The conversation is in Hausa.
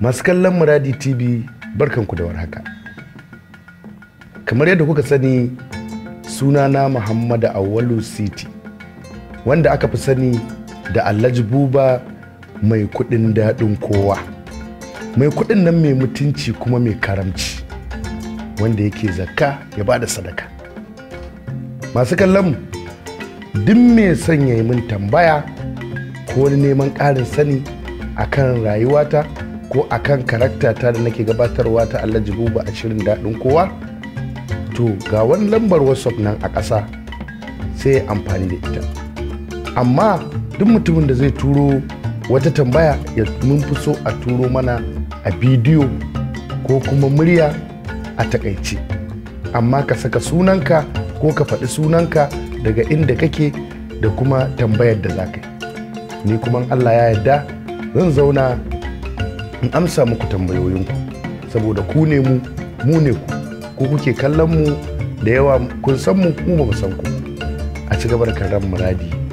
masu kallon muradi tv barkanku da warhaka kamar yadda kuka sani sunana muhammadu awalu city wanda aka fi sani da alhaji buba mai kudin daɗin kowa mai kudin nan mai mutunci kuma mai karamci wanda yake zakka ya ba da sadaka masu kallon duk mai son yayi yi min tambaya ko wani neman ƙarin sani akan rayuwata ko akan karakta ta da nake gabatarwa ta Allah buba a shirin daɗin kowa to ga wani lambar whatsapp nan a ƙasa sai amfani da ita amma duk mutumin da zai turo wata tambaya ya mun fi so a turo mana a bidiyo ko kuma murya a takaice amma ka saka sunanka ko ka faɗi sunanka daga inda kake da kuma tambayar da za ka yi ni kuma allah ya yarda zan zauna in amsa muku tambayoyinku saboda ku ne mu mu ne ku ku kuke kallon mu da yawa kun san mu mu ba san ku a ci gaba da karran muradi